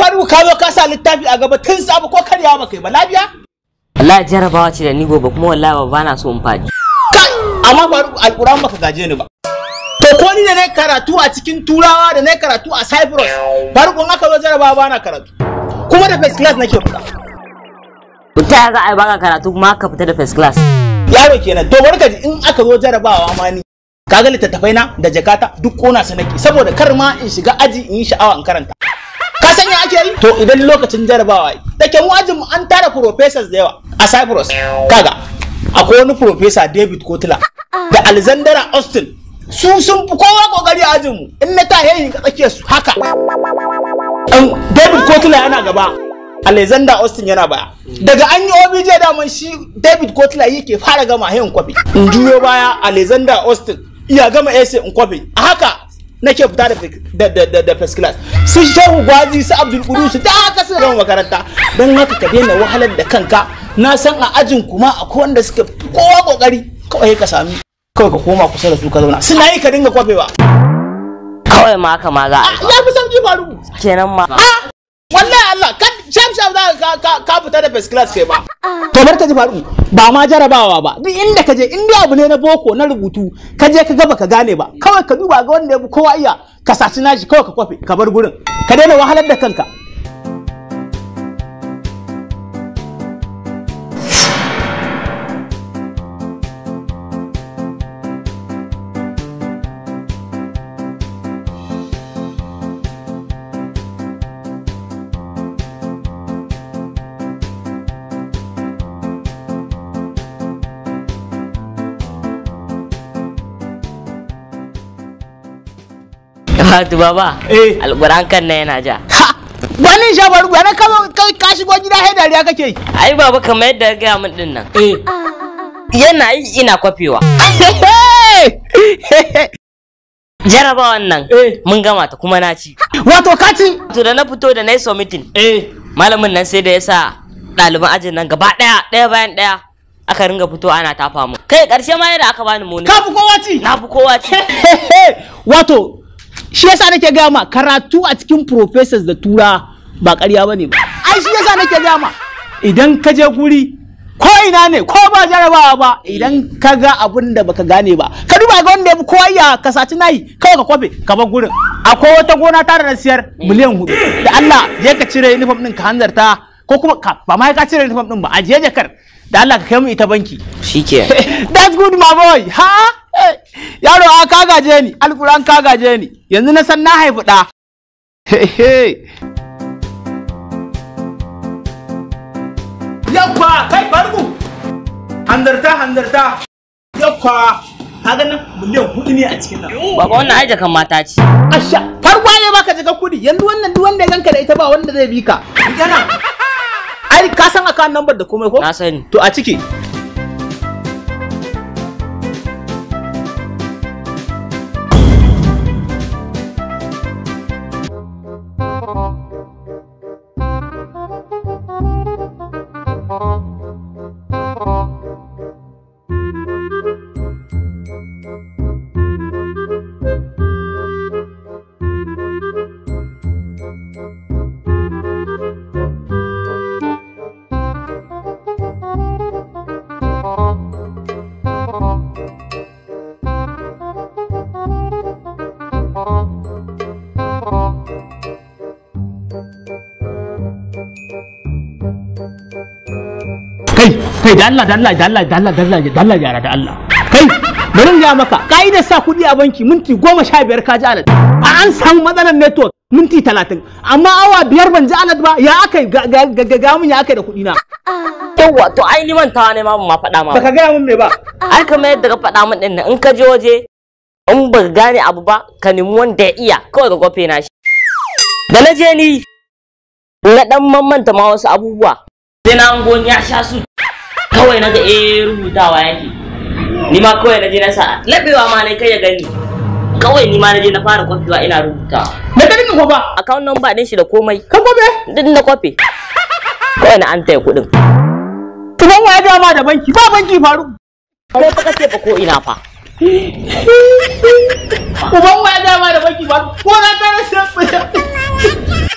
faru ka zo ka sa littafi a gaba tun sabu ko karya ba kai ba lafiya wallahi jarabawa ce da ni gobe kuma wallahi ba bana so in faɗi amma faru alquran baka gaje ni ba to ko ni da ne karatu a cikin turawa da ne karatu a cyprus faru kun aka zo jarabawa ba karatu kuma da first class nake fita ta ya za a yi baka karatu kuma ka fita da first class yaro kenan to barka ji in aka zo jarabawa ma ni kaga littattafai na da jakata duk kona su nake saboda kar ma in shiga aji in yi sha'awa in karanta ka ya ake yi to idan lokacin jarabawa da ke wajin an tara professors da yawa a cyprus kaga akwai wani professor david kotila da alexandra austin su sun fi kowa kokari a ajinmu in na ta hanyar ka tsakiyar su haka david kotila yana gaba Alexander Austin yana baya. Daga an yi OBJ daman shi David Kotila yake fara gama hayan kwafi. In juyo baya Alexander Austin iya gama ese in kwafi. A haka nake fita da da da da first class su shehu gwazi su abdul qudus da haka su ran makaranta dan haka ka daina wahalar da kanka na san a ajin kuma akwai wanda suka kowa kokari kawai ka sami kawai ka koma kusa da su ka zauna suna yi ka dinga kwafewa kawai ma haka ma za a ah, ya fi sauki faru kenan ma ah, Allah kan sham sham za ka ka fita da first class kai ba to bar ta ji faru ba ma jarabawa ba duk inda ka je inda abu ne na boko na rubutu ka je ka gaba ka gane ba kawai ka duba ga wanda ya kowa iya ka saci nashi kawai ka kwafe ka bar gurin ka daina wahalar da kanka wato baba eh alquran kan na yana ja wani shabar wani ka shigo gida sai dariya kake yi ai baba kamar yadda ka gaya min din nan eh yana yi ina kwafewa Jaraba wannan eh. mun gama ta kuma na ci wato katin to da na fito da na yi submitting eh malamin nan sai da ya sa ɗaliban ajin nan gaba ɗaya ɗaya bayan ɗaya aka ringa fito ana tafa mu kai ƙarshe ma yadda aka bani muni ka fi kowa ci na fi kowa ci wato shi yasa nake gaya ma karatu a cikin professors da tura ba ƙarya ne ba ai shi yasa nake gaya ma idan ka je guri ko ina ne ko ba jarabawa ba idan ka ga abin da baka gane ba ka duba ga wanda ya fi kowa ya kasaci nayi kawai ka kwafe ka bar gurin akwai wata gona tare da siyar miliyan hudu da Allah je ka cire uniform din ka hanzarta ko kuma ka ba mai ka cire uniform din ba a je jakar da Allah ka kai mu ita banki shike that's good my boy ha Eh, yaro a ka gaje ni alquran ka gaje ni yanzu na san na haifi da yakwa kai barku handarta handarta yakwa kaga nan miliyan hudu ne a cikin nan baba wannan ai kan mata ce asha farwa ne baka jaka kudi yanzu wannan duk wanda ya ganka da ita ba wanda zai bi ka ai ka san akan number da komai ko na sani to a ciki kai da Allah da Allah da Allah da Allah da Allah da Allah yara da Allah kai bari ya maka ka'idar sa kuɗi a banki minti goma sha biyar ka ji alad a an samu matsalar network minti talatin amma awa biyar ban ji alad ba ya aka ga mun ya aka da kuɗi na yawwa to ai ni mantawa ne ma ma faɗa ma baka gaya mun me ba ai kamar yadda ka faɗa mun din in ka je waje in ba gane abu ba ka nemi wanda ya iya kawai ka gofe na shi da na je ni na dan mamanta ma wasu abubuwa sai na ya sha su kawai na ga eh rubutawa yake ni ma kawai na je na sa labewa ma ne kai ya gani kawai ni ma na je na fara kwafiwa ina rubuta na gani ko ba account number din shi da komai kan kwafe din na kwafe kai na an taya kuɗin ban waya dama da banki ba banki faru ko ta kace ba ko ina fa ban waya dama da banki ba ko na tare sai